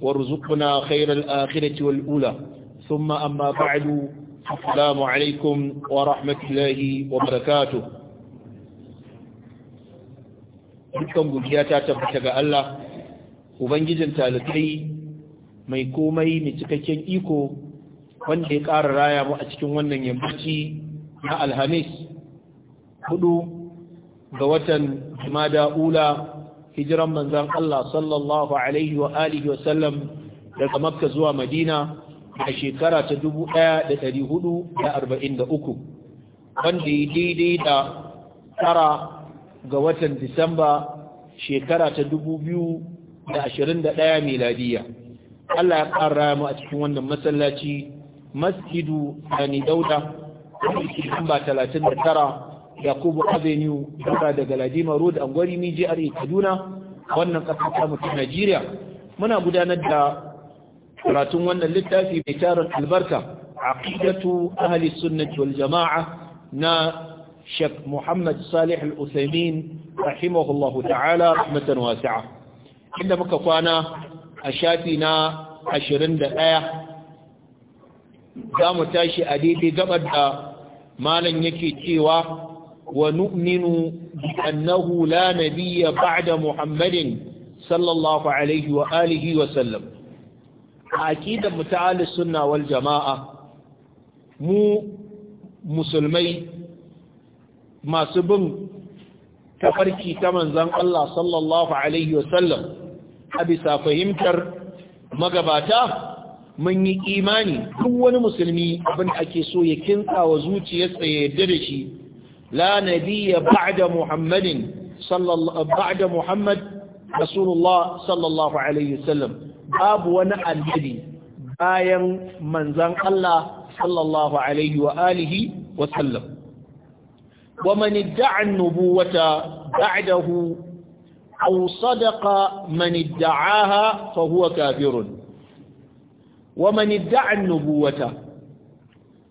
وارزقنا خير الآخرة والأولى ثم أما بعد السلام عليكم ورحمة الله وبركاته dukkan gudiya ta tabbata ga Allah ubangijin talibai mai komai mai cikakken iko wanda ya ƙara raya mu a cikin wannan yammaci na alhamis hudu ga watan jimada ula hijiran manzan Allah sallallahu alaihi wa alihi wa sallam daga makka zuwa madina a shekara ta 1443 wanda ya daidai da tara ga watan disamba shekara ta 2021 miladiya Allah ya ƙara mu a cikin wannan masallaci masjidu ani dauda da 39 yakubu avenue daga ladima galadima road angwari mi jihar kaduna wannan ƙasa ta mutum najeriya muna gudanar da karatun wannan littafi mai tarin albarka aqidatu ahli sunnati wal jama'a na shek Muhammad Salih Al-Uthaymeen ta'ala rahmatan wasi'a inda muka kwana a shafi na 21 za mu tashi a daidai gabar da malam yake cewa ونؤمن بأنه لا نبي بعد محمد صلى الله عليه وآله وسلم أكيد متعال السنة والجماعة مو مسلمي ما سبن تفركي تمن زن الله صلى الله عليه وسلم أبسا فهمتر مقباتا mun yi imani duk wani musulmi abin ake so ya kinsa wa zuciyarsa ya yarda da shi لا نبي بعد محمد صلى الله بعد محمد رسول الله صلى الله عليه وسلم باب وانا النبي bayan manzan Allah sallallahu alaihi wa alihi wa sallam wa man idda'a an-nubuwata ba'dahu aw sadaqa man idda'aha fa huwa kafirun wa man idda'a an-nubuwata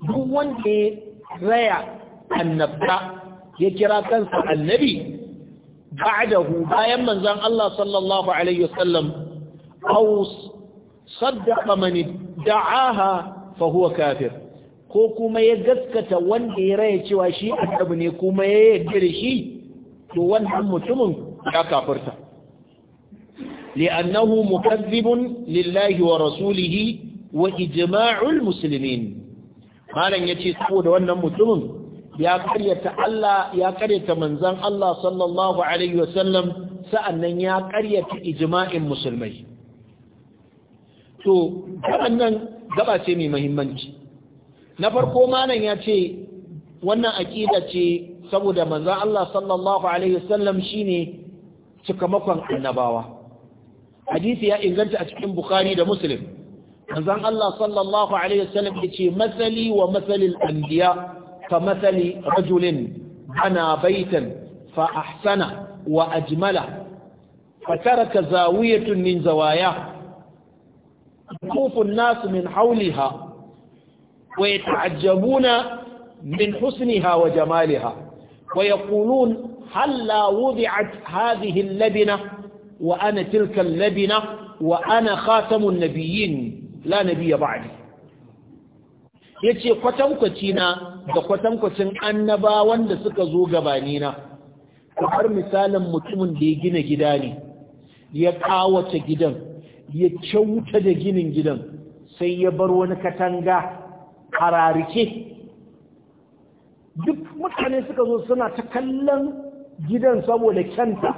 duk wanda raya annabta ya kira kansa annabi ba'dahu bayan manzon Allah sallallahu alaihi wasallam aw saddaqa man da'aha fa huwa kafir ko kuma ya gaskata wanda ya raya cewa shi annabi ne kuma ya yarda da shi to wannan mutumin ya kafirta li'annahu mukazzibun lillahi wa rasulihi wa ijma'ul Malam ya yace saboda wannan mutumin ya karyata Allah ya karyata manzon Allah sallallahu alaihi wasallam sa'annan ya karyata ijma'in musulmai to wannan gaba ce mai muhimmanci na farko malam ya ce wannan aqida ce saboda manzon Allah sallallahu alaihi wasallam shine cikamakon annabawa hadisi ya inganta a cikin bukhari da muslim manzon Allah sallallahu alaihi wasallam yace masali wa masalil anbiya كمثل رجل بنى بيتا فأحسنه وأجمله فترك زاوية من زواياه يخوف الناس من حولها ويتعجبون من حسنها وجمالها ويقولون هلا وضعت هذه اللبنة وأنا تلك اللبنة وأنا خاتم النبيين لا نبي بعدي ya ce kwatankwaci na da kwatankwacin annaba wanda suka zo gabani na kamar misalin mutumin da ya gina gida ne ya kawace gidan ya kyauta da ginin gidan sai ya bar wani katanga kararike duk mutane suka zo suna ta kallon gidan saboda kyanta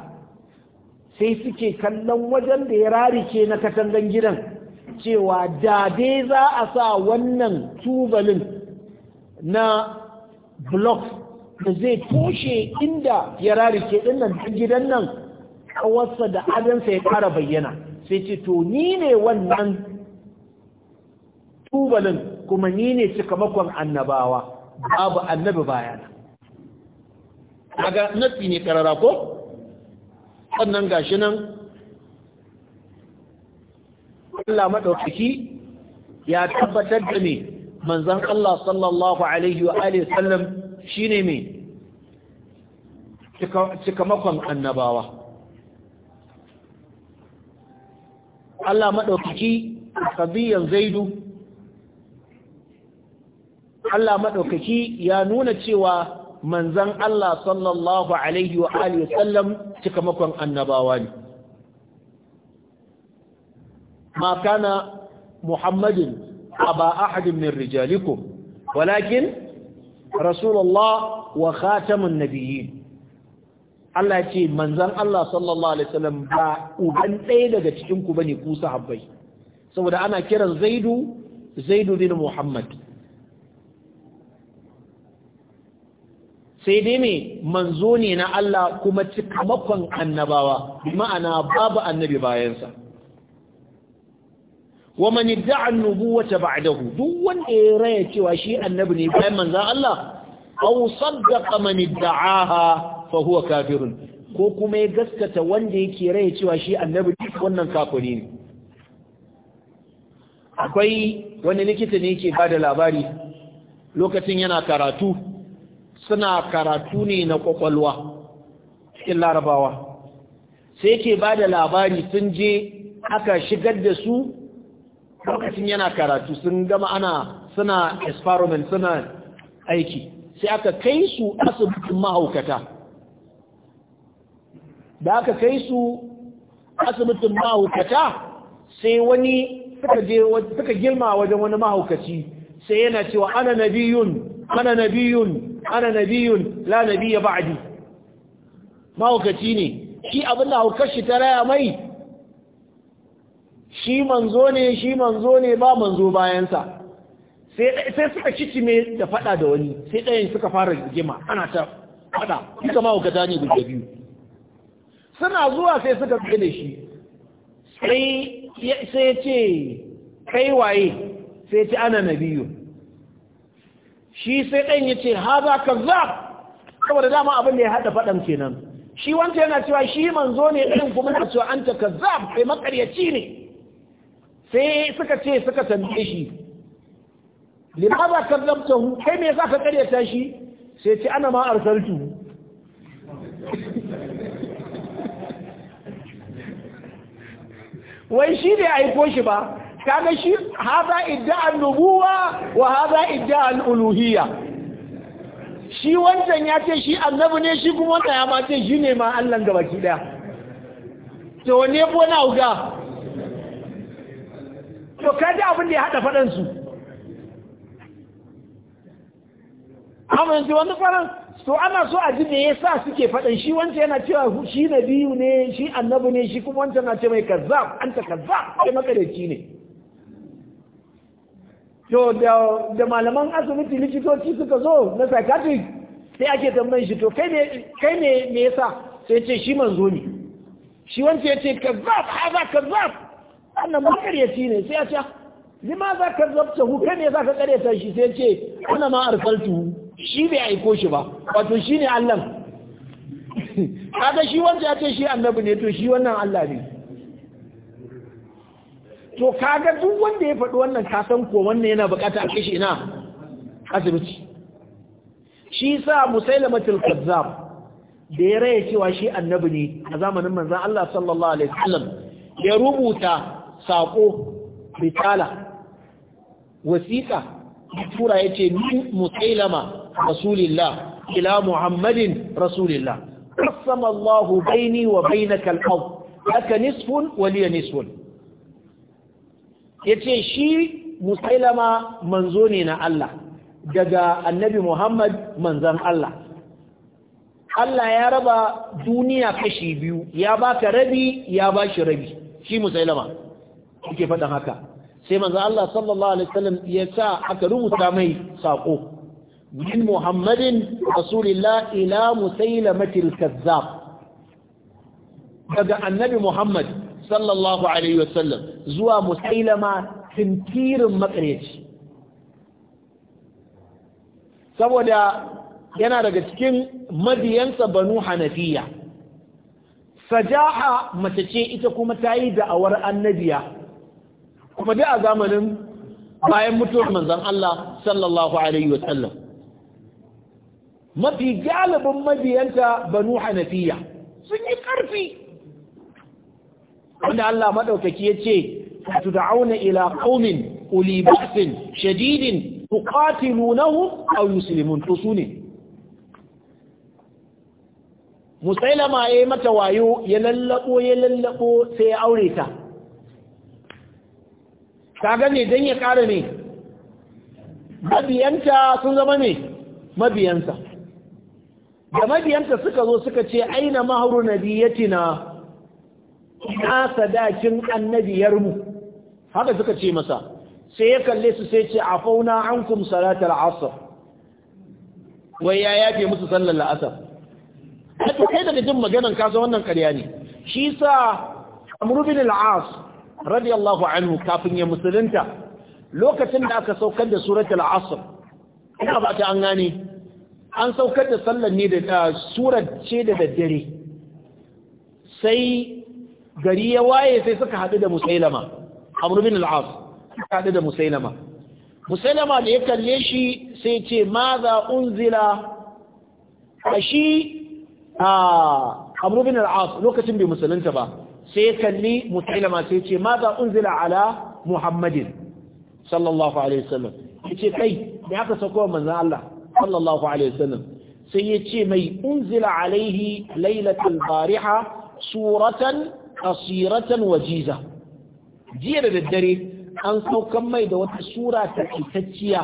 sai suke kallon wajen da ya rarike na katangan gidan cewa da dai za a sa wannan tubalin na block da zai tushe inda ya rarike dinnan gidan nan kawarsa da adansa ya kara bayyana sai ce to ni ne wannan tubalin kuma ni ne cikamakon annabawa babu annabi bayana aga nafi ne karara ko wannan gashi nan Allah madaukaki ya tabbatar da ni manzon Allah sallallahu alaihi wa alihi sallam shine mai cikamakon annabawa Allah madaukaki kadiyan zaidu Allah madaukaki ya nuna cewa manzon Allah sallallahu alaihi wa alihi sallam cikamakon annabawa ne ما كان محمد أبا أحد من رجالكم ولكن رسول الله وخاتم النبيين Allah ya ce manzan Allah sallallahu Alaihi wasallam ba uban ɗaya daga cikinku ba ne ku sahabbai saboda ana kiran zaidu zaidu bin Muhammad sai dai ne manzo ne na Allah kuma makon annabawa ma'ana babu annabi bayansa wa man yad'a an nubuwwata ba'dahu duk wanda ya raya cewa shi annabi ne bayan manzon Allah aw saddaqa man yad'aha fa huwa kafirun ko kuma ya gaskata wanda yake raya cewa shi annabi wannan kafiri ne akwai wani likita ne yake bada labari lokacin yana karatu suna karatu ne na kwakwalwa cikin larabawa sai yake bada labari sun je aka shigar da su lokacin yana karatu sun gama ana suna experiment suna aiki sai aka kai su asibitin mahaukata da aka kai su asibitin mahaukata sai wani suka girma wajen wani mahaukaci sai yana cewa ana nabiyun ana nabiyun ana nabiyun la nabiya ba'adi mahaukaci ne shi abin da haukar shi ta raya mai shi manzo ne shi manzo ne ba manzo bayansa sai suka kici mai da fada da wani sai ɗayan suka fara jima ana ta fada suka mahaukata ne guda biyu suna zuwa sai suka gane shi sai ya ce kai waye sai ce ana na biyu. shi sai ɗayan ya ce ha za ka za da dama abin da ya haɗa faɗan kenan shi wanta yana cewa shi manzo ne ɗin kuma na cewa an ta ka za kai makaryaci ne sai suka ce suka tambaye shi limaza hu. kai me yasa ka karyata shi sai ce ana ma arsaltu wai shi ne aiko shi ba kaga shi idda an nubuwa wa idda an uluhiyya shi wancan ya ce shi annabi ne shi kuma wanda ya ma ce shi ne ma Allah gabaki daya to ne ko na uga to kaji abin da ya haɗa faɗansu amince wani faɗan to ana so a ji me yasa suke faɗan shi wancan yana cewa shi na biyu ne shi annabi ne shi kuma wancan na ce mai kazzab an ta kazzab kai makareci ne to da malaman asibiti likitoci suka zo na psychiatric sai ake tambayin shi to kai ne me yasa sai ce shi manzo ne shi wancan ya ce kazzab haza kazzab annan ƙaryaci ne sai ya ce lima za ka zabta hu kai za ka karyata shi sai ce ana ma arsaltu shi bai aiko shi ba wato shi ne Allah kaga shi wanda ya ce shi annabi ne to shi wannan Allah ne to kaga duk wanda ya faɗi wannan ka san ko wannan yana bukata a kishi ina asibiti shi sa musailamatul kazzab da ya raya cewa shi annabi ne a zamanin manzon Allah sallallahu alaihi wasallam ya rubuta saƙo ritala wasiƙa tura ya ce min musailama rasulillah ila muhammadin rasulillah قسم الله بيني وبينك الأرض nisfun. Ya ce shi musailama manzo ne na Allah. daga annabi Muhammad manzan Allah. Allah ya raba duniya kashi biyu, ya baka rabi, ya bashi rabi, shi musailama. yake faɗin haka sai manzo Allah sallallahu alaihi wasallam ya sa aka rubuta mai sako min Muhammadin rasulillah ila musailamatil kazzab daga annabi Muhammad sallallahu alaihi wasallam zuwa musailama tinkirin makareci saboda yana daga cikin madiyansa banu hanafiya sajaha mace ce ita kuma ta yi da'awar annabiya kuma dai a zamanin bayan mutuwar manzon Allah sallallahu alaihi wasallam mafi galibin mabiyanta banu hanafiya sun yi ƙarfi wanda Allah maɗaukaki ya ce auna ila ƙaunin ulibasin, ba'sin shadidin tuqatilunahum aw yuslimun to sune musailama mata wayo ya lallaɓo ya lallaɓo sai ya aure ta kaga ne don ya ƙara ne mabiyanta sun zama ne mabiyansa da mabiyanta suka zo suka ce aina mahauru nabiyatina na sadakin annabiyarmu haka suka ce masa sai ya kalle su sai ce afauna ankum salatar asr wai ya yafe musu sallar la'asar haka kai daga jin maganan kasa wannan karya ne shi sa amru bin al'as radiyallahu anhu kafin ya musulunta lokacin da aka saukar da suratul asr ina ba ta an gane an saukar da sallar ne da surar ce da daddare sai gari ya waye sai suka haɗu da musailama amr bin suka haɗu da musailama musailama da ya kalle shi sai ce ma za unzila a shi a amr bin lokacin bai musulunta ba sai ya kalli musailama sai ce ma za unzila ala muhammadin sallallahu alaihi wasallam ya ce kai da aka sako manzan Allah sallallahu alaihi wasallam sai ya ce mai unzila alaihi lailatul bariha suratan asiratan wajiza jiya da daddare an saukan mai da wata sura ta kitacciya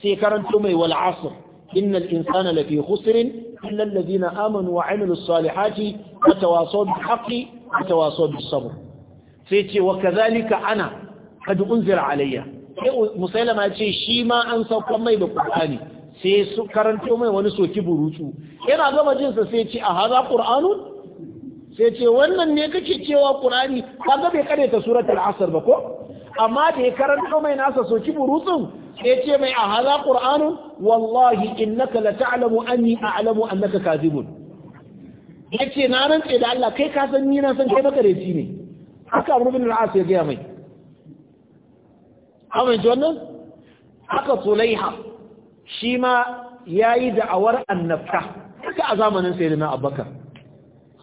sai karanto mai wal asr innal insana lafi khusr illa alladhina amanu wa amilus salihati wa tawasaw bil haqqi Sai ce wa وتواصوا بالصبر سيتي وكذلك أنا قد أنزل علي مسلم يتي شيما أنسى قمي qurani sai su karanto mai wani soki burutu yana gama jinsa sai ce a haza qur'anun sai ce wannan ne kake cewa qur'ani kaga bai kare ta suratul asr ba ko amma da ya karanto mai nasa soki burutun sai ce mai a haza qur'anun wallahi innaka la ta'lamu anni a'lamu annaka kadhibun ya ce na rantse da Allah kai ka san ni na san kai makareci ne haka abu bin al'as ya gaya mai amince wannan haka sulaiha shi ma ya yi da'awar annabta haka a zamanin sai na abubakar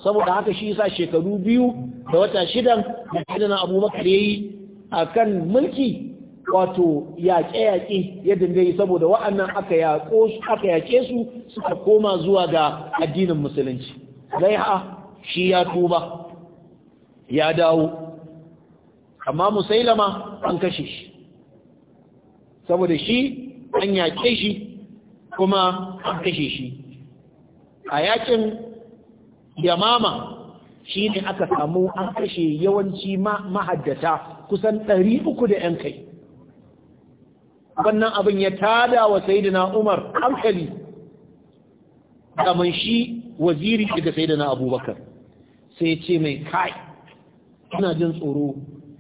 saboda haka shi sa shekaru biyu da wata shidan da abu abubakar ya yi a kan mulki wato yaƙe-yaƙe yadda da yi saboda wa'annan aka yaƙe su suka koma zuwa ga addinin musulunci ha shi ya tuba ya dawo amma musailama an kashe shi saboda shi an yaƙe shi kuma an kashe shi a yakin yamama shi ne aka samu an kashe yawanci mahaddata kusan uku da 'yan kai wannan abin ya tada wa sayidina umar hankali kamar shi waziri daga sai da abubakar sai ce mai kai ina jin tsoro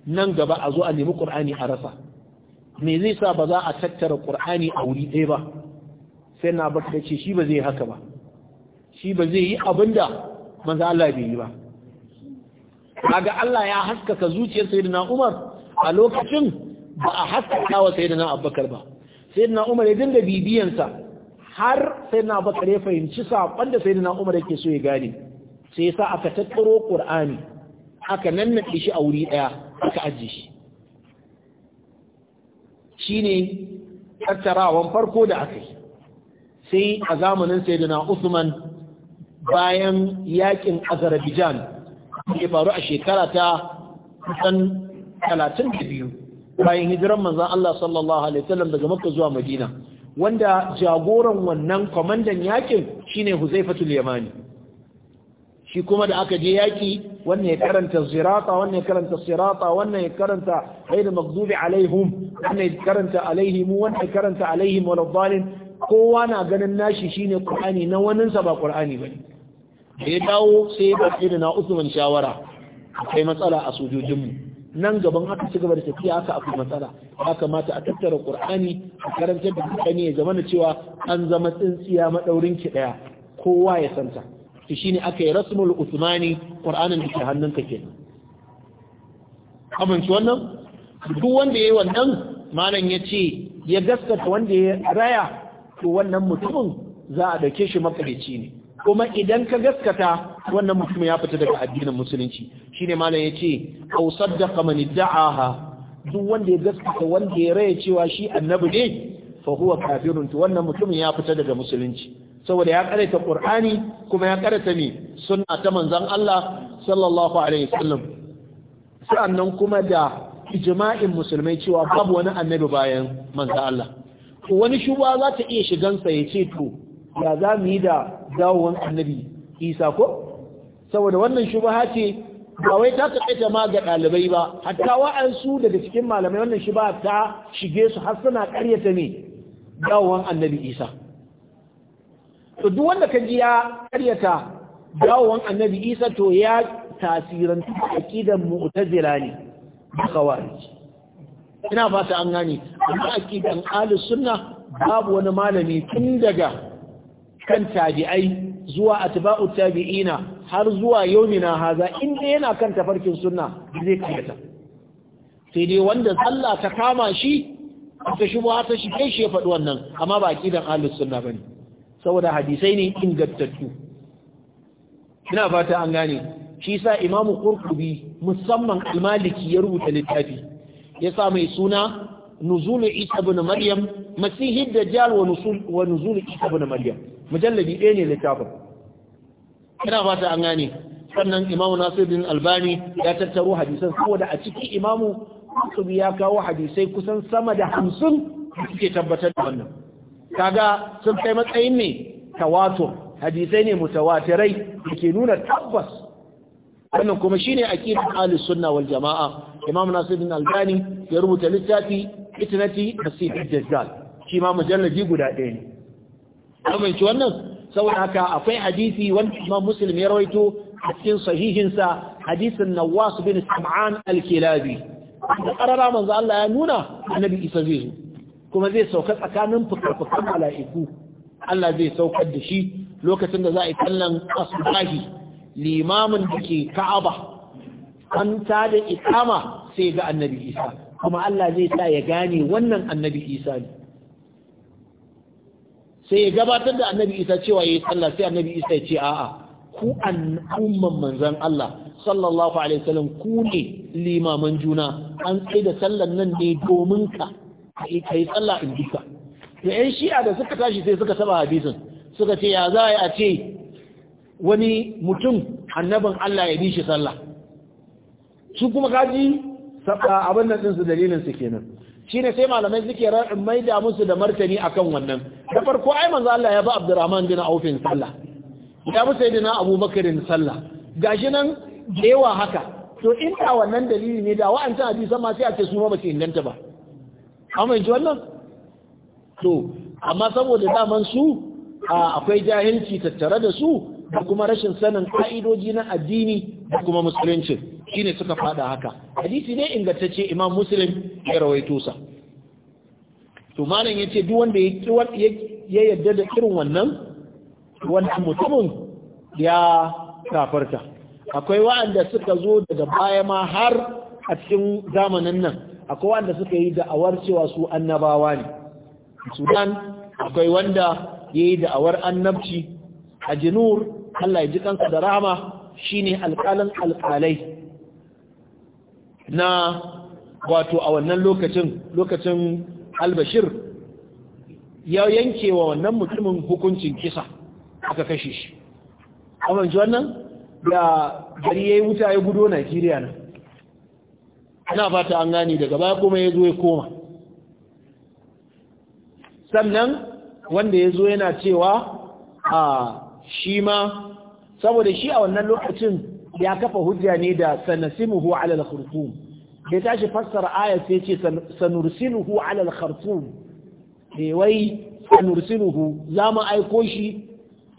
nan gaba a zo a nemi ƙur'ani a rasa me zai sa ba za a tattara ƙur'ani a wuri ɗaya ba sai na bakar ce shi ba zai haka ba shi ba zai yi abin da manzo Allah bai yi ba kaga Allah ya haskaka zuciyar sayyidina Umar a lokacin ba a haskaka wa sayyidina Abubakar ba sayyidina Umar ya dinga bibiyansa har sai na bakar ya fahimci saƙon da sai na umar yake so ya gane sai ya sa aka tattaro ƙur'ani aka nannaɗe shi a wuri ɗaya aka ajiye shi shi ne tattarawan farko da aka yi sai a zamanin sai na usman bayan yakin azerbaijan ya faru a shekara ta kusan 32 bayan hijiran manzan Allah sallallahu Alaihi wasallam daga makka zuwa madina wanda jagoran wannan kwamandan yakin shine huzaifatul yamani shi kuma da aka je yaki wannan ya karanta zirata wannan ya karanta sirata wannan ya karanta ghairul maghdubi alaihim wannan ya karanta alaihim wannan ya karanta alaihim waladdallin kowa na ganin nashi shine qur'ani na wanin sa ba qur'ani bane da ya dawo sai ya ba na Usman shawara akwai matsala a sojojinmu nan gaban aka ci gaba da tafiya aka akwai matsala ya kamata a tattara qur'ani a karantar da mutane ya zama cewa an zama tsintsiya madaurin ki daya kowa ya santa to shine aka yi rasmul usmani qur'anin da ke hannun ka kenan amince wannan duk wanda yayi wannan malam ce ya gaskata wanda ya raya to wannan mutumin za a dauke shi makarici ne kuma idan ka gaskata wannan mutum ya fita daga addinin musulunci shine malam yace aw saddaqa man da'aha duk wanda ya gaskata wanda ya raye cewa shi annabi ne fa huwa kafirun to wannan mutum ya fita daga musulunci saboda ya karanta qur'ani kuma ya karanta ne. sunna ta manzon Allah sallallahu alaihi wasallam sannan kuma da ijma'in musulmai cewa babu wani annabi bayan manzon Allah wani shuba za ta iya shigansa ya ce to ya za mu yi da dawowar annabi isa ko saboda wannan shubaha ce ba wai ta taƙaita ma ga ɗalibai ba hatta wa'ansu daga cikin malamai wannan shubaha ta shige su har suna ƙaryata ne dawowar annabi isa to duk wanda ka ji ya ƙaryata dawowar annabi isa to ya tasirantu a aƙidan mu'tazila ne da khawarij ina fata an gane amma aqidan ahlus sunna babu wani malami tun daga kan tabi'ai zuwa atba'u tabi'ina har zuwa yaumina haza inda yana kan tafarkin sunna zai kiyata sai dai wanda sallah ta kama shi ta shubha ta shi kai shi ya faɗi wannan amma ba aqidan ahlus sunna bane saboda hadisai ne ingantattu ina fata an gane shi sa imamu qurtubi musamman al-maliki ya rubuta littafi ya sa mai suna nuzulu isa ibn maryam masihid dajjal wa nuzul wa nuzulu isa ibn maryam mujalladi ɗaya ne littafin ina fata an gane sannan imamu nasirin albani ya tattaro hadisan saboda a ciki imamu su ya kawo hadisai kusan sama da hamsin da suke tabbatar da wannan kaga sun kai matsayin ne tawato. hadisai ne mutawatirai da ke nuna tabbas wannan kuma shine aqidar ahlus sunna wal jamaa imam nasirin albani ya rubuta littafi itnati da dajjal shi ma mujallaji guda ɗaya ne amince wannan saboda haka akwai hadisi wanda Imam Muslim ya rawaito a cikin sahihinsa hadisin Nawas bin Sam'an al-Kilabi da karara manzo Allah ya nuna Annabi Isa zai zo kuma zai sauka tsakanin fukarfukan mala'iku Allah zai saukar da shi lokacin da za a yi kallon asubahi limamin da ke Ka'aba an ta da ikama sai ga Annabi Isa kuma Allah zai sa ya gane wannan Annabi Isa ne sai ya gabatar da annabi isa cewa ya yi sallah sai annabi isa ya ce a'a ku al'umman manzan Allah sallallahu alaihi wasallam ku ne limaman juna an tsaye da sallan nan ne domin ka ka yi sallah in duka da yan shi'a da suka tashi sai suka taba hadisin suka ce ya za a yi a ce wani mutum annabin Allah ya bi shi sallah su kuma kaji abin nan ɗinsu dalilinsu kenan ne sai malamai suke mai da musu da martani akan wannan da farko ai manzo Allah ya ba Abdurrahman bin Auf sallah ya bi abu Abubakar sallah gashi nan da yawa haka to in ta wannan dalili ne da wa'ancan hadisi ma sai a ce su ma bace inganta ba amma ji wannan to amma saboda daman su akwai jahilci tattare da su da kuma rashin sanin ka'idoji na addini da kuma musulunci shine suka fada haka hadisi ne ingantacce imam muslim ya rawaito sa to malam yace duk wanda ya yarda da irin wannan wannan mutumin ya kafarta akwai wa'anda suka zo daga baya ma har a cikin zamanin nan akwai wanda suka yi da'awar cewa su annabawa ne sudan akwai wanda ya yi awar annabci a jinur allah ya ji kansa da rahama shine alƙalin alƙalai na wato a wannan lokacin lokacin albashir ya yanke wa wannan mutumin hukuncin kisa aka kashe shi amma ji wannan da gari ya yi wuta ya gudo najeriya na. ana fata an gani daga baya kuma ya zo ya koma sannan wanda ya zo yana cewa a ah, shi ma saboda shi a wannan lokacin ya kafa hujja ne da sanasimuhu ala al-khurtum ya tashi fassara aya sai ce sanursiluhu ala al-khurtum eh wai sanursiluhu mu aiko shi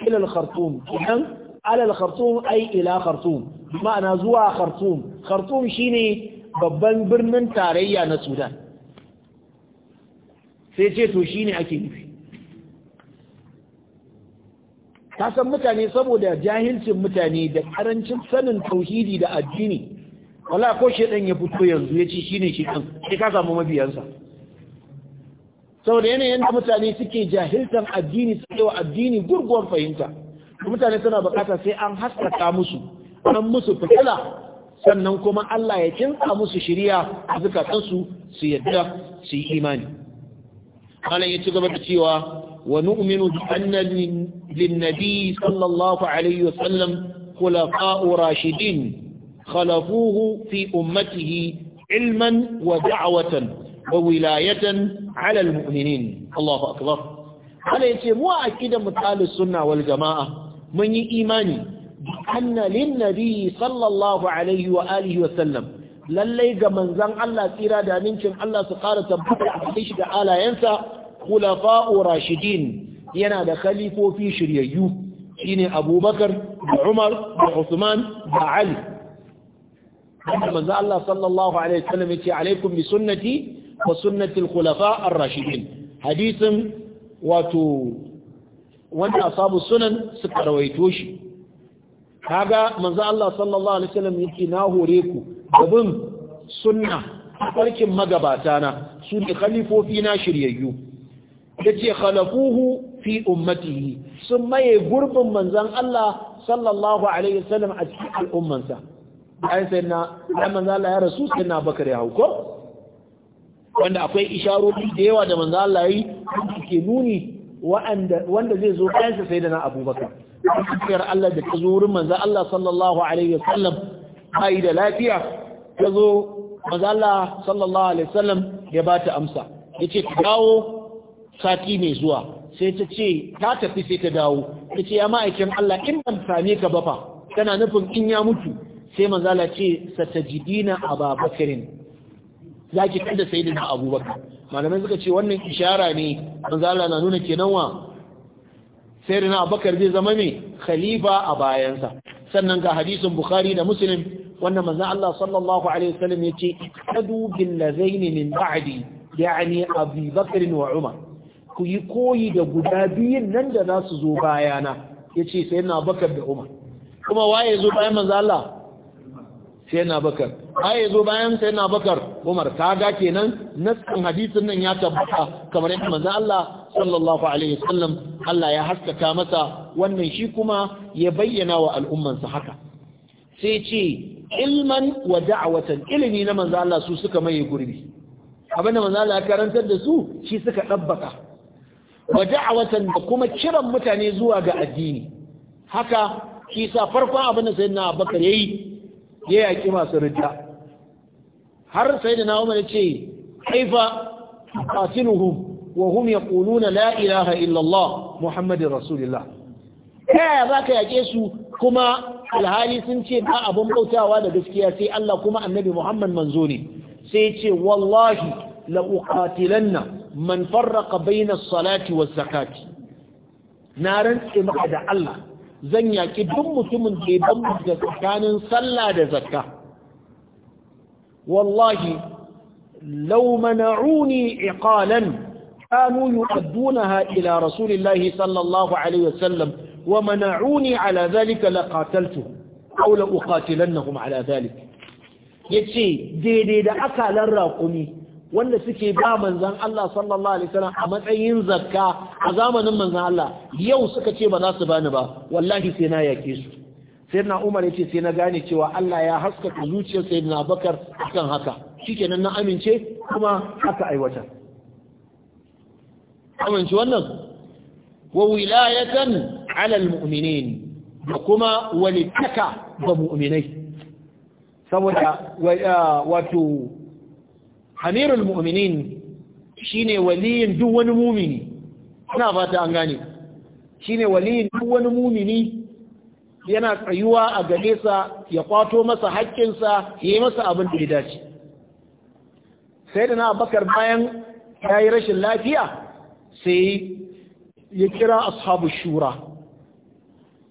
ila al-khurtum idan ala al-khurtum ai ila khartum ma'ana zuwa khartum khartum shine babban birnin tarayya na Sudan sai ce to shine ake nufi ka san mutane saboda jahilcin mutane da karancin sanin tauhidi da addini wala ko shedan ya fito yanzu ya ci shine shi kan sai ka samu mabiyansa saboda yanayin da mutane suke jahiltan addini yi wa addini gurguwar fahimta mutane suna bukata sai an haskaka musu an musu fitila sannan kuma Allah ya kinsa musu shiriya a zukatansu su yadda su yi imani malam ya ci gaba da cewa ونؤمن بأن للنبي صلى الله عليه وسلم خلفاء راشدين خلفوه في أمته علما ودعوة وولاية على المؤمنين الله أكبر هذا يتبوى أكيد متعال السنة والجماعة من إيماني بأن للنبي صلى الله عليه وآله وسلم lallai ga manzan Allah tsira da amincin Allah su ƙara tabbata a cikin shi da alayensa khulafa'u rashidin yana da khalifofi shiryayyu shine abubakar da umar da usman da ali wanda manzo Allah sallallahu alaihi wasallam yace alaikum bi sunnati wa sunnati al-khulafa' ar-rashidin hadisin wato wanda asabu sunan suka rawaito shi kaga manzo Allah sallallahu alaihi wasallam yake na hore ku gabin sunna farkin magabata na su ne khalifofi na shiryayyu yace khalaquhu fi ummatihi sun maye gurbin manzon Allah sallallahu alaihi wasallam a cikin al'ummansa ai sai na manzon Allah ya rasu sai na bakar ya hauko wanda akwai isharori da yawa da manzon Allah yi ke nuni wanda zai zo kansa sai da na abubakar kafiyar Allah da ta zo wurin manzon Allah sallallahu alaihi wasallam ai da lafiya ta zo manzon Allah sallallahu alaihi wasallam ya ba ta amsa yace ki dawo sati mai zuwa sai ta ce ta tafi sai ta dawo ta ce ya ma'aikin Allah in ban same ka bafa? tana nufin in ya mutu sai manzala ce satajidina ababakarin za ki kada sai da abubakar malamai suka ce wannan ishara ne manzala na nuna kenan wa sai da abubakar zai zama mai khalifa a bayansa sannan ga hadisin bukhari da muslim wannan manzan Allah sallallahu alaihi wasallam ya ce adu bil min ba'di yani abubakar wa umar ku yi koyi da guda biyun nan da za su zo bayana ya ce sai na bakar da umar kuma waye zo bayan manzo Allah sai na bakar waye zo bayan sai na bakar umar kaga kenan nassin hadisin nan ya tabbata kamar yadda manzo Allah sallallahu alaihi wasallam Allah ya haskaka masa wannan shi kuma ya bayyana wa al'ummansa haka sai ce ilman wa da'watan ilimi na manzo Allah su suka maye gurbi abinda manzo Allah ya karantar da su shi suka dabbaka wa da'awatan da kuma kiran mutane zuwa ga addini haka shi sa farkon abin da sayyidina Abubakar yayi ya yaki masu ridda har sayyidina Umar ya ce kaifa qatiluhum wa hum yaquluna la ilaha illa Allah Muhammadur Rasulullah kaya zaka yake su kuma alhali sun ce ba abun bautawa da gaskiya sai Allah kuma Annabi Muhammad manzo ne sai ce wallahi la uqatilanna man farraqa baina salati was-zakati na rantsa da Allah zan yaki duk mutumin da ban da tsakanin sallah da zakka wallahi law mana'uni iqalan kanu yu'addunaha ila rasulillahi sallallahu alaihi wasallam wa mana'uni ala dhalika laqataltu aw la uqatilannahum ala dhalik yace daidai da akalan raƙumi wanda suke ba manzan Allah sallallahu alaihi wasallam a matsayin zakka a zamanin manzan Allah yau suka ce ba za su bani ba wallahi sai na yake su sai na Umar yace sai na gane cewa Allah ya haskaka zuciyar na Bakar akan haka kenan na amince kuma aka aiwata amince wannan wa wilayatan ala almu'minin da kuma walitaka ga mu'minai saboda uh, wato amirul mu'minin shine waliyin duk wani mumini ina fata an gane shine waliyin duk wani mumini yana tsayuwa a gare sa ya kwato masa haƙƙinsa ya yi masa abin da ya dace sai da na bakar bayan ya yi rashin lafiya sai ya kira ashabu shura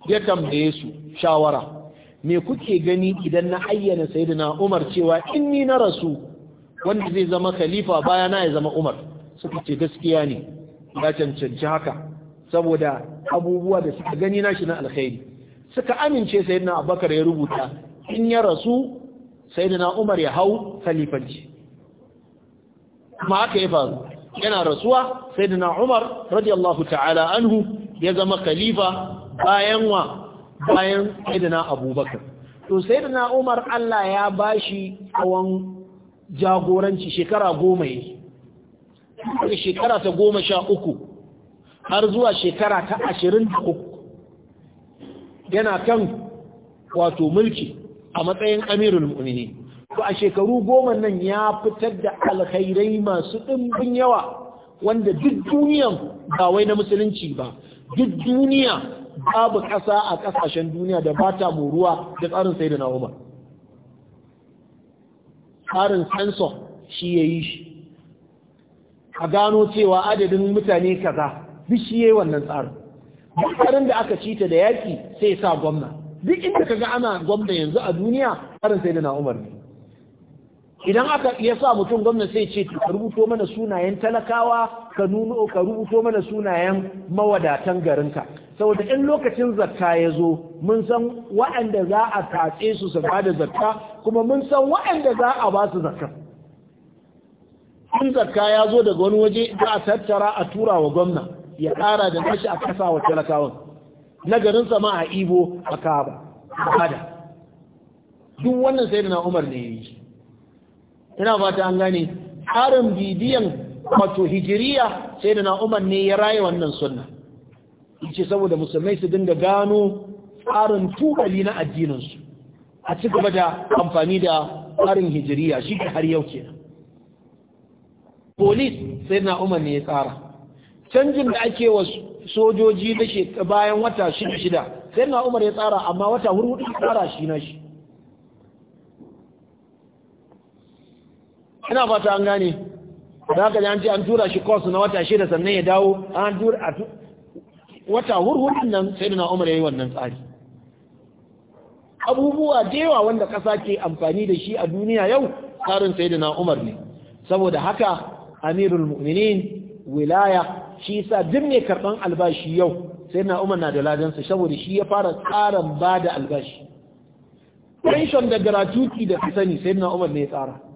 ya tambaye su shawara me kuke gani idan na ayyana sayyidina Umar cewa in ni na rasu wanda zai zama khalifa bayana ya zama umar suka ce gaskiya ne ya cancanci haka saboda abubuwa da suka gani nashi na alkhairi suka amince sayyidina abubakar ya rubuta in ya rasu sayyidina umar ya hau khalifanci kuma haka ya faru yana rasuwa sayyidina umar radiyallahu ta'ala anhu ya zama khalifa bayan wa bayan sayyidina abubakar to sayyidina umar Allah ya bashi tsawon jagoranci shekara goma yi daga shekara ta goma sha uku har zuwa shekara ta ashirin da uku yana kan wato mulki a matsayin amirul mu'mini ko a shekaru goma nan ya fitar da alkhairai masu ɗimbin yawa wanda duk duniyan ba wai na musulunci ba duk duniya babu ƙasa a ƙasashen duniya da ba ta moruwa da tsarin sai da na tsarin sensor shi ya yi shi a gano cewa adadin mutane kaza duk shi ya yi wannan tsarin bukarin da aka cita da yaki sai sa gwamna duk inda kaga ana gwamna yanzu a duniya tsarin sai da na umarni idan aka iya sa mutum gwamna sai ce ka rubuto mana sunayen talakawa ka nuno ka rubuto mana sunayen mawadatan garinka saboda in lokacin zakka ya zo mun san waɗanda za a tatse su su ba da zakka kuma mun san waɗanda za a ba su zakka in zakka ya zo daga wani waje za a tattara a tura wa gwamna ya ƙara da nashi a kasa wa talakawan na garin sama a ibo a kaba duk wannan sai da na umar ne ya yi ina fata an gane harin bidiyan wato hijiriya sai da na'umar ne ya raye wannan sunna ce saboda musulmai su dinga gano tsarin tukali na addininsu a ci gaba da amfani da tsarin hijiriya shi har yau nan. polis sai na umar ne ya tsara canjin da ake wa sojoji na bayan wata shida shida sai na umar ya tsara amma wata hurhudu ya tsara shi na shi ina fata an gane da haka an an tura shi course na wata shida sannan ya dawo an tura a wata hurhurin nan sai da na Umar ya yi wannan tsari abubuwa dewa wanda kasa ke amfani da shi a duniya yau tsarin sai da na Umar ne saboda haka Amirul Mu'minin wilaya shi sa duk ne karɓan albashi yau sai na umar na da ladansa saboda shi ya fara tsarin ba da albashi pension da gratuity da sani sai na umar ne ya tsara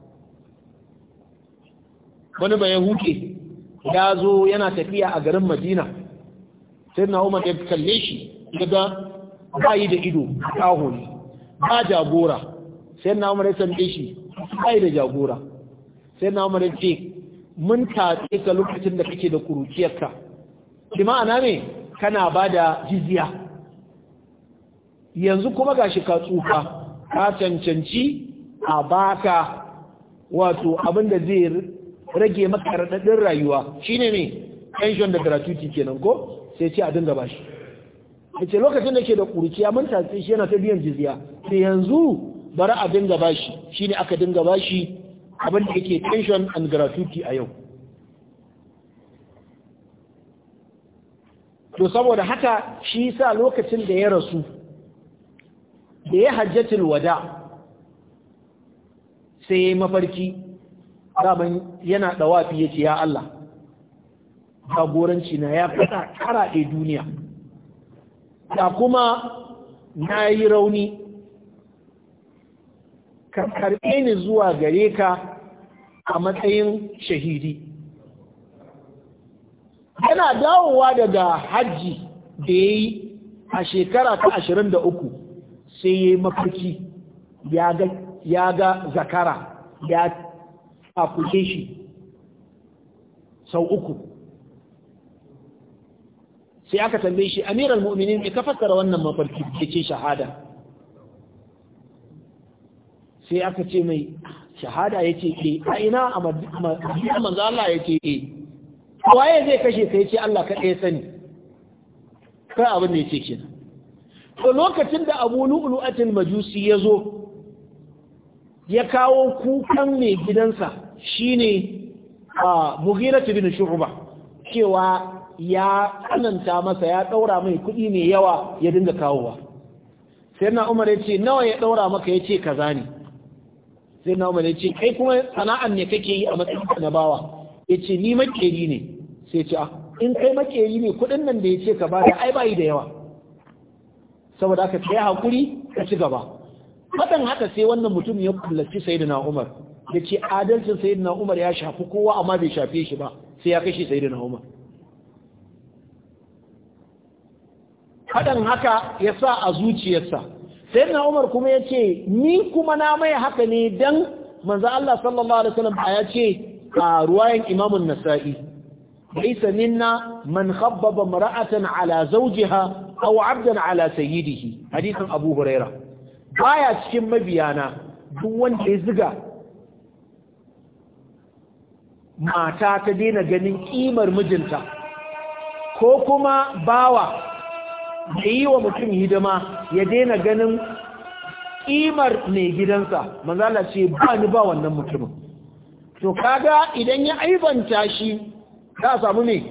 wani bai huke ya zo yana tafiya a garin madina sai na umar ya kalle shi daga bayi da ido a ne ba jagora sai na umar ya sande shi bayi da jagora sai na umar ya ce mun tafi ka lokacin da kake da kurukiyarka shi ma'ana ne kana ba da jizya yanzu kuma gashi ka tsufa ka cancanci a baka wato abinda zai rage maka raɗaɗin rayuwa shine ne pension da gratuity kenan ko sai ce a dinga bashi da ce lokacin da ke da ƙuruciya mun sai shi yana ta biyan jiziya da yanzu bari a dinga bashi shine aka dinga bashi abin da yake pension and gratuity a yau to saboda haka shi sa lokacin da ya rasu da ya hajjatul wada sai ya mafarki daman yana ya ce ya Allah jagoranci na ya fada karaɗe duniya da kuma na yi rauni ka karɓe ni zuwa gare ka a matsayin shahidi yana dawowa daga hajji da ya yi a shekara ta ashirin da uku sai ya yi mafarki ya ga zakara ya a kushe shi sau uku sai aka tambaye shi amiral mu'minin ka fassara wannan mafarki da ce shahada sai aka ce mai shahada ya ce ke eh, a ina a madina manzo Allah ya ce ke eh. waye zai kashe ka ya ce Allah kaɗai sani kai abin da ya ce kina to lokacin da abu lu'lu'atul majusi ya zo ya kawo kukan mai gidansa Shi shine a mughiratu bin shu'ba cewa ya tsananta masa ya daura mai kuɗi ne yawa ya dinga kawowa sai na umar ya ce nawa ya daura maka ya ce kaza ne sai na umar ya ce kai kuma sana'an ne kake yi a matsayin na bawa ya ce ni makeri ne sai ce ah in kai makeri ne kuɗin nan da ya ce ka bada ai bayi da yawa saboda aka kai hakuri ka ci gaba fadan haka sai wannan mutum ya kullaci sayyidina umar ya adalcin sayyidina umar ya shafi kowa amma bai shafe shi ba sai ya kashe sayyidina umar haɗin haka ya sa a zuciyarsa sayyidina umar kuma ya ce ni kuma na mai haka ne don manza Allah sallallahu alaihi wasallam ya ce a ruwayan imamun nasa'i laisa minna man habbaba mar'atan ala zaujiha aw 'abdan ala sayyidihi hadisin abu huraira baya cikin mabiyana duk wanda ya ziga mata ta daina ganin ƙimar mijinta ko kuma bawa da yi wa mutum hidima ya daina ganin ƙimar mai gidansa manzala ce ba ni ba wannan mutumin to kaga idan ya aibanta shi za a samu ne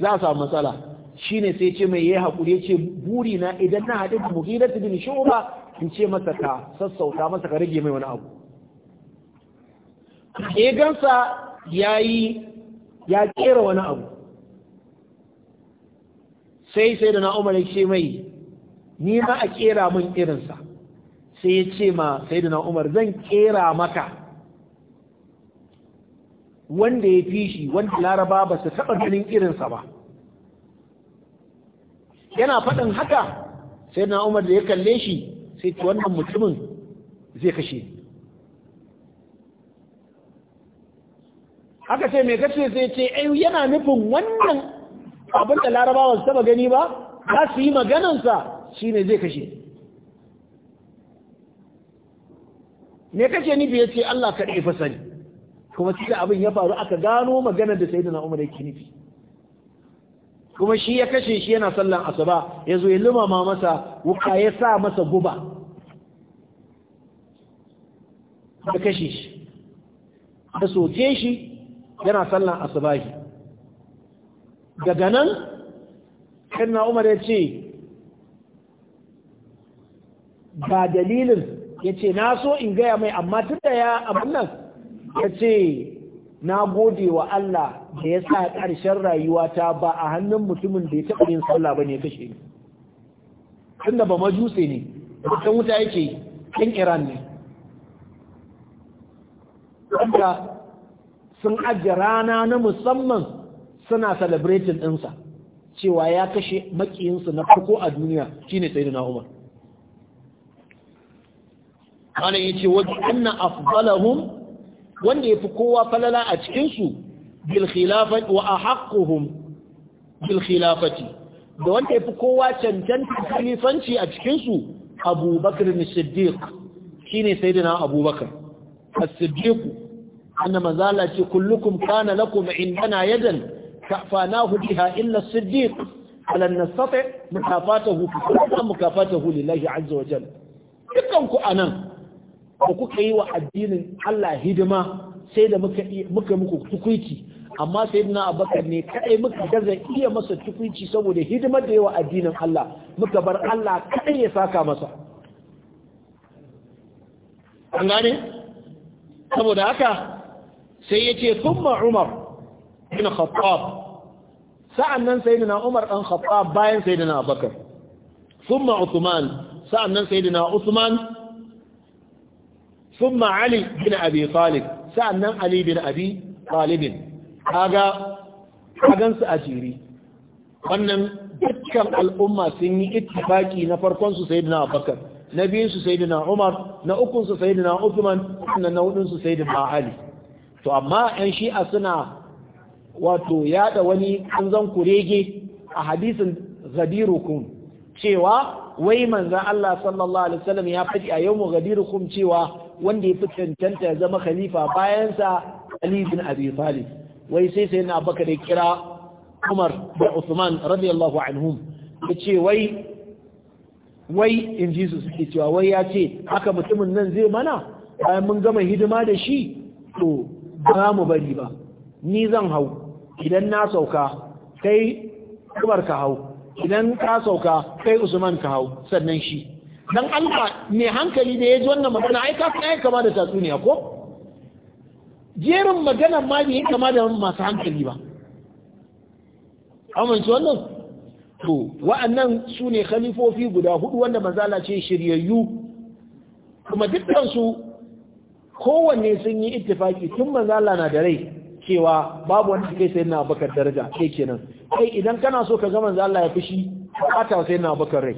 za a samu matsala shi ne sai ce mai ya haƙuri ya ce buri na idan na haɗe da gini shi ba, in ce masa ka sassauta masa ka rage mai wani abu gansa ya yi ya kera wani abu sai sai da na'umar ya ce mai ni ma a kera min irinsa sai ya ce ma sai da na'umar zan kera maka wanda ya fi shi wanda laraba ba su taɓa ganin irinsa ba yana faɗin haka sai da na'umar da ya kalle shi sai wannan mutumin zai kashe ni aka ce mai kace sai ce ai eh, yana nufin wannan abin da larabawa su taba gani ba za su yi maganansa shine zai kashe me kace nufi ya ce Allah kaɗai fa sani kuma sai abin ya faru aka gano maganar da sayyidina Umar yake nufi kuma shi ya kashe shi yana sallan asuba ya zo ya lumama masa wuka ya sa masa guba ya kashe shi ya soke shi yana sallan asubahi daga nan na umar ya ce ba dalilin ya ce na so in gaya mai amma tun da ya abin nan ya ce na gode wa Allah da ya sa ƙarshen rayuwata ba a hannun mutumin da ya taɓa yin sallah ba ne kashe ne, tun da ba majuse ne wata wuta yake ƙin iran ne sun ajiye rana na musamman suna celebrating ɗinsa cewa ya kashe makiyinsu na farko a duniya shine sai na umar ana yi ce wajen anna afbalahun wanda ya fi kowa falala a cikinsu wa wa ahaqquhum bilkhilafati da wanda ya fi kowa cancanta kalifanci a cikinsu abubakar Shi ne sayyidina abubakar as-siddiq anna mazala ce kullukum kana lakum indana yadan kafanahu biha illa as-siddiq alan nastati mukafatahu fa mukafatahu lillahi azza wa jalla dukkan ku anan da kuka yi wa addinin Allah hidima sai da muka muka muku tukuici amma sayyidina abubakar ne kadai muka gaza iya masa tukuici saboda hidimar da yawa addinin Allah muka bar Allah kadai ya saka masa an gane saboda haka سيتي ثم عمر بن خطاب سأنن سيدنا عمر ان خطاب باين سيدنا بكر ثم عثمان سأنن سيدنا عثمان ثم علي بن أبي طالب سأنن علي بن أبي طالب هذا أغنس أجيري وأنن بكر الأمة سن اتفاكي نفركنس سيدنا بكر نبينس سيدنا عمر نأكنس سيدنا عثمان ونأكنس سيدنا علي to amma 'yan shi'a suna wato yada wani kanzon kurege a hadisin gadirukum cewa wai manzan Allah sallallahu alaihi wasallam ya faɗi a yau mu gadirukum cewa wanda ya fi cancanta ya zama khalifa bayansa Ali bin Abi Talib wai sai sai na baka da kira Umar da Uthman radiyallahu anhum yace wai wai in ji su suke cewa wai ya ce haka mutumin nan zai mana bayan mun gama hidima da shi to ba mu bari ba ni zan hau idan na sauka kai Umar ka hau idan ka sauka kai Usman ka hau sannan shi dan Allah mai hankali da ya ji wannan magana ai ka sai kama da tatsuniya ko jerin magana ma bai kama da masu hankali ba amince wannan to wa'annan su ne khalifofi guda hudu wanda manzala ce shiryayyu kuma dukkan su kowanne sun yi ittifaki tun manzo Allah na da rai cewa babu wanda kai sai na bakar daraja kai kenan kai idan kana so ka ga manzo Allah ya fushi bata sai na Abubakar rai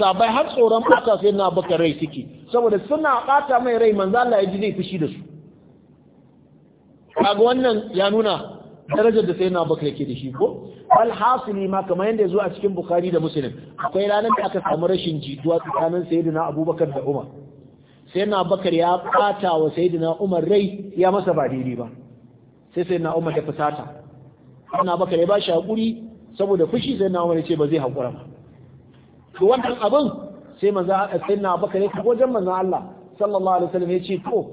sabai har tsoron bata sai na Abubakar rai suke saboda suna bata mai rai manzo Allah ya ji zai fushi da su kaga wannan ya nuna darajar da sai na Abubakar ke da shi ko hasili ma kamar yadda zo a cikin bukhari da muslim akwai ranar da aka samu rashin jituwa tsakanin sayyidina abubakar da umar sai na bakar ya ɓata wa sayidina umar rai ya masa ba daidai ba sai sayidina umar ya fusata na bakar ya ba shi haƙuri saboda fushi sayidina umar ya ce ba zai haƙura ba to wannan abin sai manzo sayidina bakar ya wajen manzo Allah sallallahu alaihi wasallam ya ce ko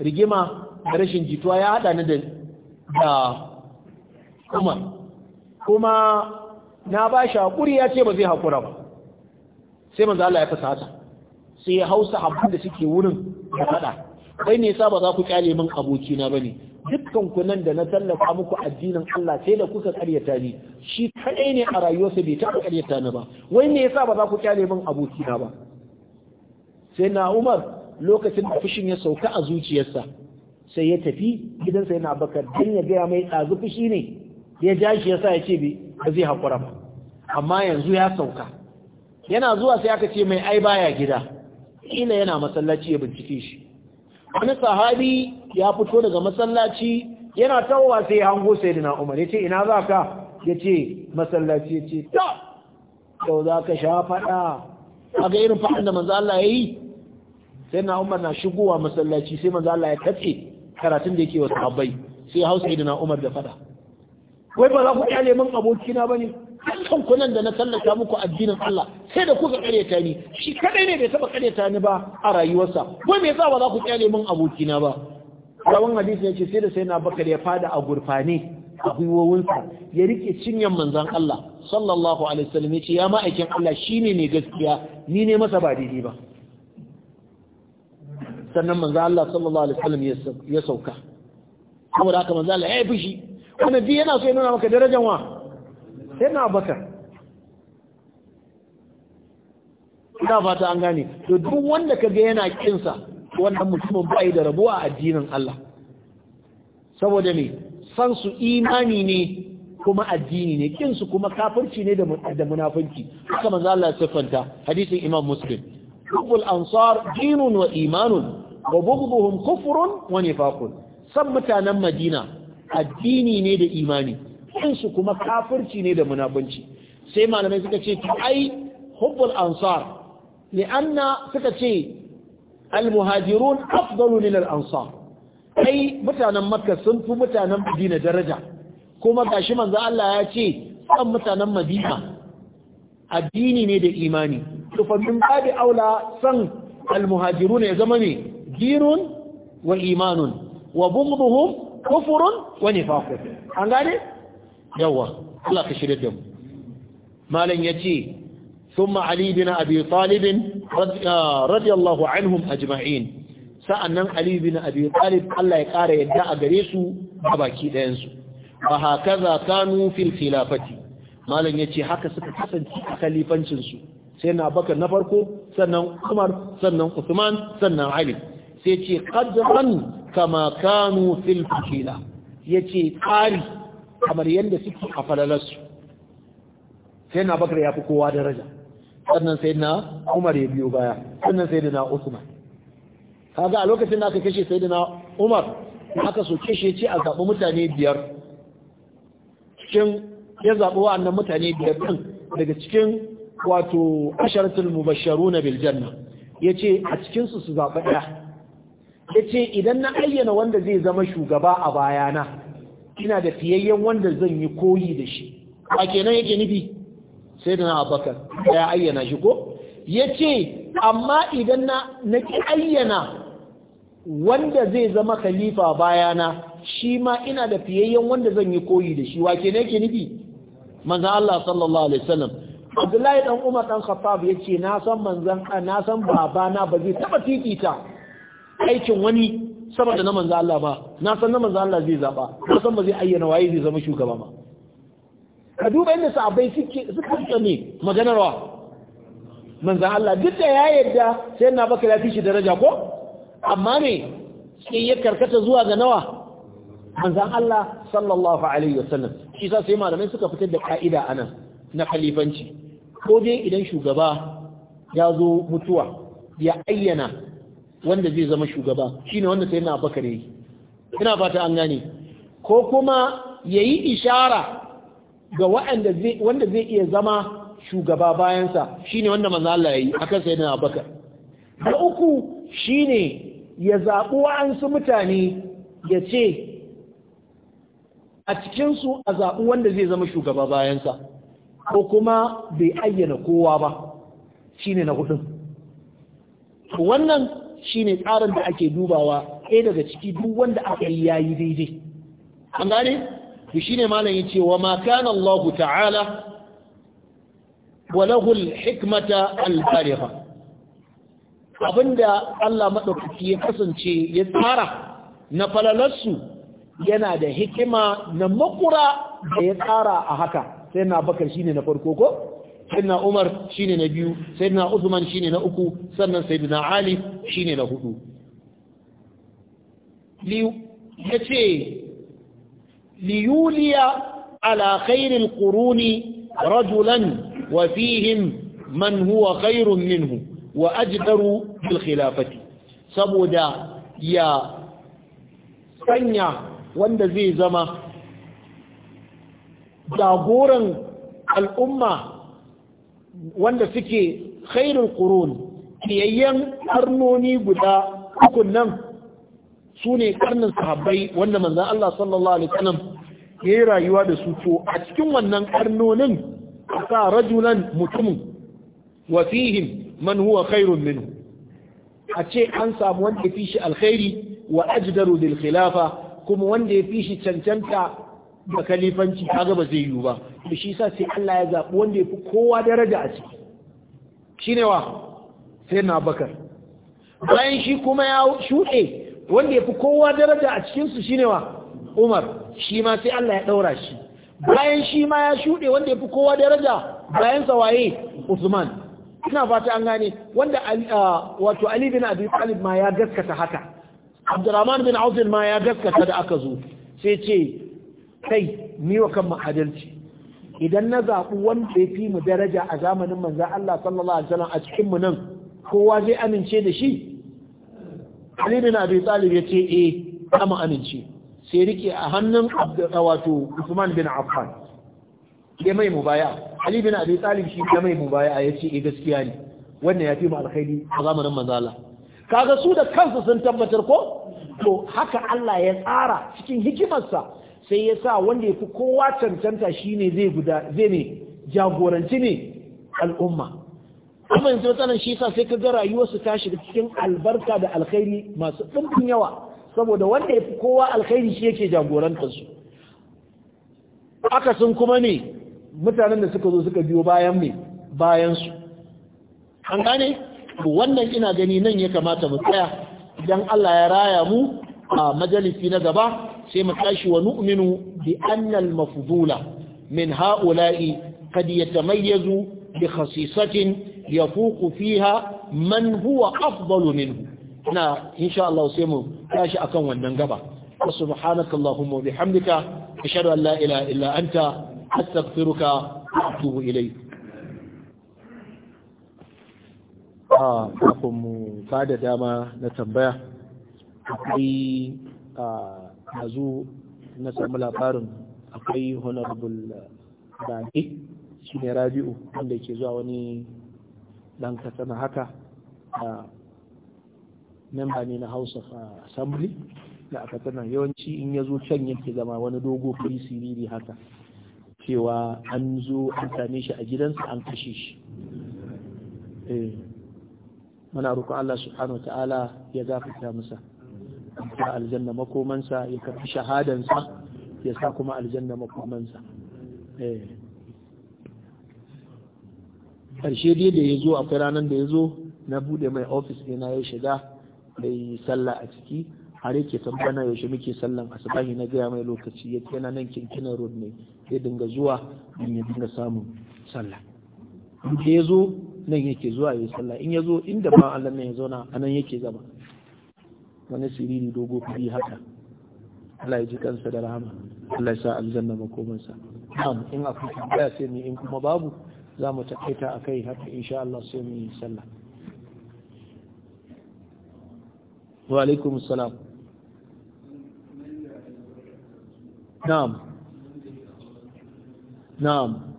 rigima da rashin jituwa ya hada ni da Umar kuma na ba shi haƙuri ya ce ba zai haƙura ba sai manzo Allah ya fusata sai ya hausa abin da suke wurin da fada kai ne yasa ba za ku kyale min abokina bane dukkan ku nan da na tallafa muku addinin Allah sai da kuka karyata ni shi kadai ne a rayuwarsa bai taɓa karyata ni ba wai ne yasa ba za ku kyale min abokina ba sai na Umar lokacin da fushin ya sauka a zuciyarsa sai ya tafi gidansa yana bakar dan ya gaya mai ɗazu fushi ne ya ja shi yasa ya ce ba zai hakura ba amma yanzu ya sauka yana zuwa sai aka ce mai ai baya gida kila yana masallaci ya bincike shi wani sahabi ya fito daga masallaci yana tawowa sai ya hango sayyidina Umar yace ina za ka yace masallaci yace ta yau za ka sha fada kaga irin fa'an da manzo Allah yayi sayyidina Umar na shigowa masallaci sai manzo Allah ya katse karatun da yake wa sahabbai sai ya hausa sayyidina Umar da faɗa. wai ba za ku kyale min abokina bane dukkan kunan da na sallaka muku addinin Allah sai da kuka karyata ni shi kadai ne bai taba karyata ni ba a rayuwarsa ko me yasa ba za ku kyale min abokina ba rawan hadisi yace sai da sai na bakar ya fada a gurfane a gwiwowinsa ya rike cinyan manzon Allah sallallahu alaihi wasallam yace ya ma'aikin Allah shine ne gaskiya ni ne masa ba daidai ba sannan manzon Allah sallallahu alaihi wasallam ya sauka saboda haka manzon Allah ya yi fushi wannan bi yana so ya nuna maka darajar wa sai na abakar ina fata an gane to duk wanda kaga yana kinsa wannan mutumin bai da rabuwa a addinin Allah saboda me san su imani ne kuma addini ne kinsu kuma kafirci ne da munafinci haka manzo Allah ya siffanta hadisin Imam Muslim hubbul ansar dinun wa imanun wa bughduhum kufrun wa nifaqun san mutanen Madina addini ne da imani su kuma kafirci ne da munafunci sai malamai suka ce ai hubbul ansar li'anna suka ce al-muhajirun afdalu min ansar ai mutanen makka sun fi mutanen madina daraja kuma gashi manzo Allah ya ce san mutanen madina addini ne da imani to fa min babi aula san al-muhajirun ya zama ne dinun wa imanun wa bughdhuhum kufrun wa nifaqun an gane yawa Allah ka shirya da mu malam yace thumma ali bin abi talib ah, radiyallahu anhum ajma'in sa'annan ali bin abi talib Allah ya kara yadda a gare su a baki ɗayan su wa hakaza kanu fil khilafati malam yace haka suka kasance a khalifancin su sai na baka na farko sannan Umar sannan Usman sannan Ali sai ce qadran kama kanu fil khila yace ƙari. kamar yadda suke a falalarsu sai na bakar ya fi kowa daraja sannan sai na umar ya biyo baya sannan sai na usman kaga a lokacin da aka kashe sai na umar aka so kashe ce a zaɓi mutane biyar cikin ya zaɓi wa'annan mutane biyar ɗin daga cikin wato asharatul na Biljanna, ya ce a cikinsu su zaɓi ɗaya ce idan na ayyana wanda zai zama shugaba a bayana kina da fiyayyen wanda zan yi koyi da shi a kenan yake nufi sai da na abakar ya ayyana shi ko ya ce amma idan na ki ayyana wanda zai zama khalifa bayana shi ma ina da fiyayyen wanda zan yi koyi da shi wa kenan yake nufi manzan Allah sallallahu alaihi wasallam Abdullahi dan Umar dan Khattab yace na san manzon na san babana ba zai taba titita aikin wani saboda na manzo Allah ba na san na manzo Allah zai zaba na san ba zai ayyana waye zai zama shugaba ba ka duba inda sahabbai suke suka tsane maganar wa manzo Allah duk da ya yarda sai na baka lafi shi daraja ko amma ne sai ya karkata zuwa ga nawa manzo Allah sallallahu alaihi wasallam shi sa sai malamai suka fitar da ka'ida anan na khalifanci ko dai idan shugaba ya zo mutuwa ya ayyana wanda zai zama shugaba shine wanda sai na bakar yi ina fata an gane ko kuma yayi ishara ga wanda zai wanda zai iya zama shugaba bayansa shine wanda manzo Allah yayi akan na baka. da uku shine ya zaɓi wa'ansu mutane ya ce a cikinsu a zaɓi wanda zai zama shugaba bayansa ko kuma bai ayyana kowa ba shine na hudun wannan Shi ne tsarin da ake dubawa ɗaya daga ciki duk wanda aka yi yayi daidai an gane shi ne malam yace wa ma kana Allahu ta'ala wa lahu al-hikmata al-baligha abinda Allah madaukaki ya kasance ya tsara na falalarsu yana da hikima na makura da ya tsara a haka sai na bakar shine na farko ko sayyidina Umar shine na biyu sayyidina Uthman shine na uku sannan sayyidina Ali shine na hudu li yace liyuliya ala khairil quruni rajulan wa fihim man huwa khairun minhu wa ajdaru bil khilafati saboda ya sanya wanda zai zama jagoran al'umma wanda suke khairul qurun kiyayyen karnoni guda uku nan su ne karnin sahabbai wanda manzon Allah sallallahu alaihi wasallam ya yi rayuwa da su to a cikin wannan karnonin ka rajulan mutum wa fihim man huwa khairun minhu a ce an samu wanda fi shi alkhairi wa ajdaru bil khilafa kuma wanda ya fi shi cancanta da kalifanci kaga ba zai yiwu ba to shi yasa sai Allah ya zabi wanda yafi kowa daraja a ciki shine wa sai na bakar bayan shi kuma ya shuɗe wanda yafi kowa daraja a cikin su shine wa Umar shi ma sai Allah ya daura shi bayan shi ma ya shuɗe wanda yafi kowa daraja bayan sa waye Usman ina fata an gane wanda wato Ali bin Abi Talib ma ya gaskata haka Abdurrahman bin Auf ma ya gaskata da aka zo sai ce kai mi wa kan adalci idan na zaɓi wanda ya fi mu daraja a zamanin manzan Allah sallallahu alaihi wasallam a cikin mu nan kowa zai amince da shi Ali bin Abi Talib ya ce eh mu amince sai rike a hannun wato Usman bin Affan ya mai mubaya Ali bin Abi Talib shi ya mai mubaya ya ce eh gaskiya ne wannan ya fi mu alkhairi a zamanin manzan Allah kaga su da kansu sun tabbatar ko to haka Allah ya tsara cikin hikimarsa sai ya sa wanda ya fi kowa cancanta shi ne zai guda zai ne jagoranci ne al'umma amma yanzu matsalan shi sa sai ka ga rayuwarsu ta shiga cikin albarka da alkhairi masu ɗimbin yawa saboda wanda ya fi kowa alkhairi shi yake aka akasin kuma ne mutanen da suka zo suka biyo bayan mai bayansu an gane wannan ina gani nan ya kamata mu tsaya idan Allah ya raya mu a majalisi na gaba sai mu tashi wa nu'minu bi annal al-mafdula min ha'ula'i qad yatamayyazu bi khasisatin yafuqu fiha man huwa afdalu minhu na insha Allah sai mu tashi akan wannan gaba subhanakallahumma wa bihamdika ashhadu an la ilaha illa anta astaghfiruka wa atubu ilayk a ah, kafin mu da dama na tambaya akwai ah, yanzu na samu labarin akwai honorable baki shi ne rabi'u wanda ke zuwa wani dan na haka a memba ne na house of assembly da aka tana yawanci in ya zo can yake zama wani dogo kuri siriri haka cewa an zo an same shi a gidansa an kashe shi eh, muna roƙon Allah subhanahu ta'ala ya ta musa. ya aljanna makomansa ya karbi shahadansa ya sa kuma aljanna makomansa eh. ƙarshe dai da ya zo akwai ranar da ya zo na bude mai ofis ɗina ya shiga da yi sallah a ciki har yake tambana yaushe muke sallan asubahi na gaya mai lokaci ya kena nan kinkina road ne ya dinga zuwa in ya dinga samun sallah in ya zo nan yake zuwa ya yi sallah in ya zo inda ba Allah ne ya zauna a nan yake zama wani siriri dogo fi haka Allah ya ji kansa da rahama Allah ya sa aljanna makomansa na'am in akwai tambaya sai ni in kuma babu za mu takaita akai haka insha Allah sai mu yi sallah wa alaikum salam na'am na'am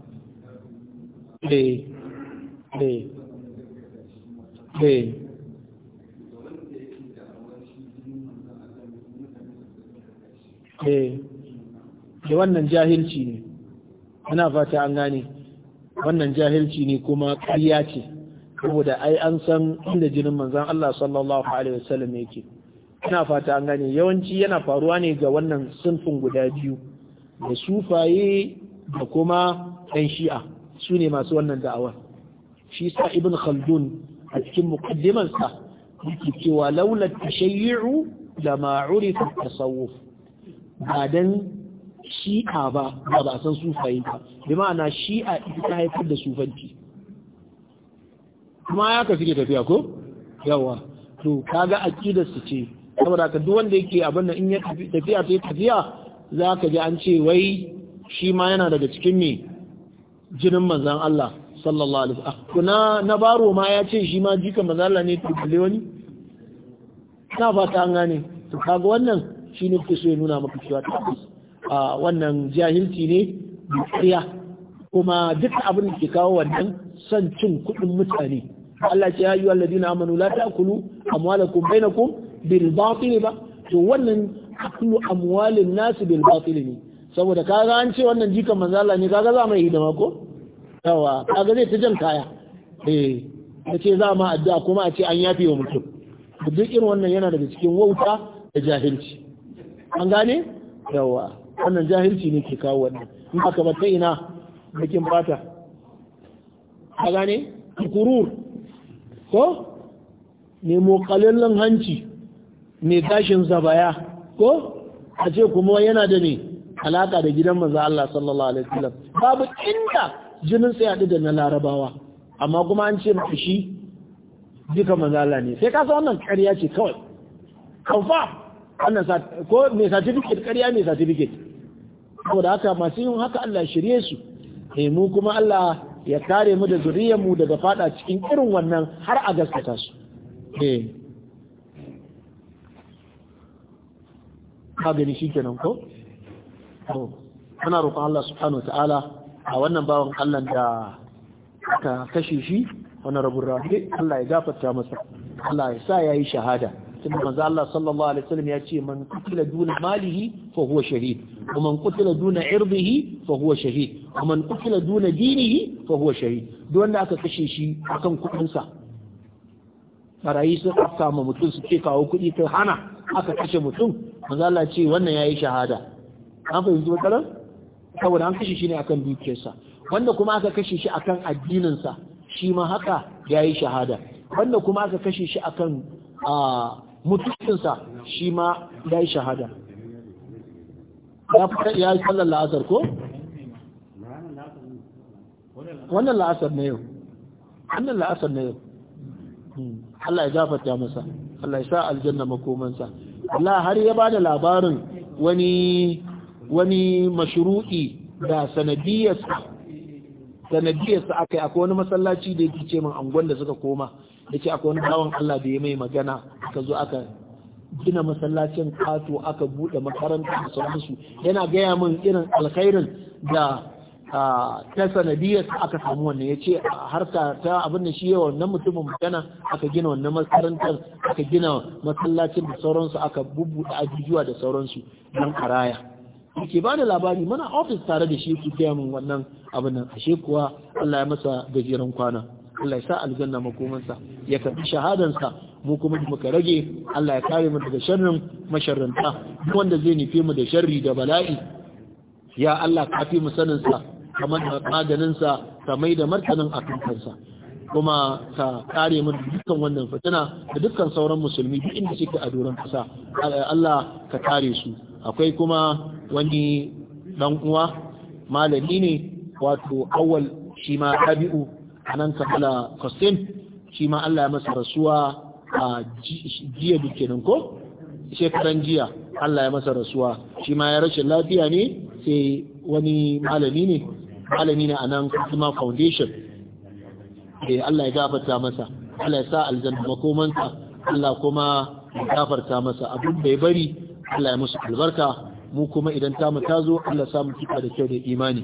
eh eh eh eh da wannan jahilci ne ana fata an gane wannan jahilci ne kuma ƙarya ce saboda ai an san inda jinin manzan Allah sallallahu alaihi wasallam yake ina fata an gane yawanci yana faruwa ne ga wannan sunfin guda biyu da sufaye da kuma ɗan shi'a su ne masu wannan da'awar shi sa ibn khaldun a cikin muqaddimansa yake cewa laula tashayyu lama urifa tasawuf ba dan shi'a ba ba ba san sufaye ba bi ma'ana shi'a ita ta haifar da sufanci kuma ya ka ke tafiya ko yawa to kaga aqidar su ce saboda ka duk wanda yake abin da in ya tafiya ta tafiya za ka ji an ce wai shi ma yana daga cikin mai jinin manzan Allah sallallahu alaihi wasallam kuna na baro ma ya ce shi ma jikan manzan Allah ne to kalle wani na fata an gane to kaga wannan shi ne kuke so ya nuna maka cewa tabbas wannan jahilci ne ƙarya kuma duk abin da ke kawo wannan son cin kuɗin mutane Allah ce ya yi wallazi na amanu la ta'kulu amwalakum bainakum bil batil ba to wannan aklu amwalin nas bil batil ne saboda kaga an ce wannan jikan manzo Allah ne kaga za mai hidima ko yawa kaga zai ta jan kaya eh ce za ma addu'a kuma a ce an yafe wa mutum duk irin wannan yana daga cikin wauta da jahilci an gane yawa wannan jahilci ne ke kawo wannan in aka ba ta ina bakin fata a gane kurur ko nemo kalalin hanci ne tashin zabaya ko a ce kuma yana da ne alaka da gidan manzo Allah sallallahu alaihi wasallam babu inda jinin sai hadu da na larabawa amma kuma an ce maka shi duka manzo Allah ne sai ka san wannan ƙarya ce kawai kafa wannan ko mai certificate ƙarya mai certificate saboda haka masu yin haka Allah shirye su eh mu kuma Allah ya kare mu da zuriyar mu daga fada cikin irin wannan har a gaskata su eh ka gani kenan ko ana roƙon Allah subhanahu ta'ala a wannan bawan Allah da aka kashe shi wani rabin rafi Allah ya gafarta masa Allah ya sa ya yi shahada tunda manzo Allah sallallahu alaihi wasallam ya ce man qutila duna malihi fa huwa shahid wa man qutila duna irdihi fa huwa shahid wa man qutila duna dinihi fa huwa shahid duk wanda aka kashe shi akan kudin sa barayi sun afka ma mutum su ce kawo kudi kai hana aka kashe mutum manzo Allah ce wannan yayi shahada an fahimci matsalar saboda an kashe shi ne akan dukiyarsa wanda kuma aka kashe shi akan addinin sa shi ma haka yayi shahada wanda kuma aka kashe shi akan ah, mutuncinsa shi ma ya yi shahada ya yi sallar la'asar ko? wannan la'asar na yau wannan la'asar na yau hmm. Allah ya zafata masa Allah ya sa aljanna makomansa Allah har ya bada labarin wani wani mashru'i da sanadiyarsa sanadiyarsa akai akwai wani masallaci da ya ce min angon da suka koma da ce akwai wani bawan Allah da ya mai magana aka zo aka gina masallacin kato aka buɗe makaranta da sauransu yana gaya min irin alkhairin da ta sanadiyar aka samu wannan ya ce harka ta abin da shi yawan na mutumin magana aka gina wannan makarantar aka gina masallacin da sauransu aka bubbuɗe ajujuwa da sauransu nan karaya ke ba da labari mana ofis tare da shi ku gaya min wannan abin nan ashe kuwa Allah ya masa gajeren kwana Allah ya sa aljanna makomansa ya karbi shahadansa mu kuma muka rage Allah ya kare mu daga sharrin masharranta wanda zai nufe mu da sharri da bala'i ya Allah ka fi mu sanin sa kamar maganin sa mai da martanin akan kansa kuma ka kare mu dukkan wannan fitina da dukkan sauran musulmi duk inda suke a doron kasa Allah ka kare su akwai kuma wani dan uwa malami ne wato awwal shi ma tabi'u anan sa'ala Hussein shi ma Allah ya masa rasuwa a jiya kenan ko shekaran jiya Allah ya masa rasuwa shi ma ya rashin lafiya ne sai wani malami ne malami ne a nan kuma Foundation eh Allah ya gafarta masa Allah ya sa aljanna makomansa Allah kuma ya gafarta masa abin da ya bari Allah ya musu albarka mu kuma idan ta mu ta zo Allah samu kika da kyau da imani